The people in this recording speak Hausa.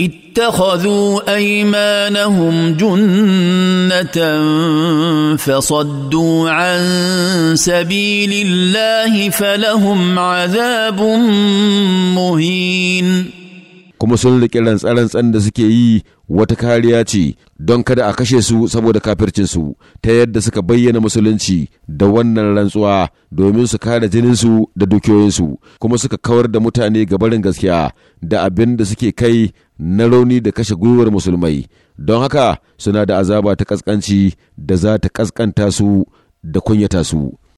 اتخذوا ايمانهم جنه فصدوا عن سبيل الله فلهم عذاب مهين kuma sun riƙe rantsarantsan da suke yi wata kariya ce don kada a kashe su saboda kafircinsu ta yadda suka bayyana musulunci da wannan rantsuwa domin su kare jininsu da dukiyoyinsu kuma suka kawar da mutane ga barin gaskiya da abin da suke kai na rauni da kashe gwiwar musulmai don haka suna da azaba ta kaskanci da za ta kaskanta su da kunyata su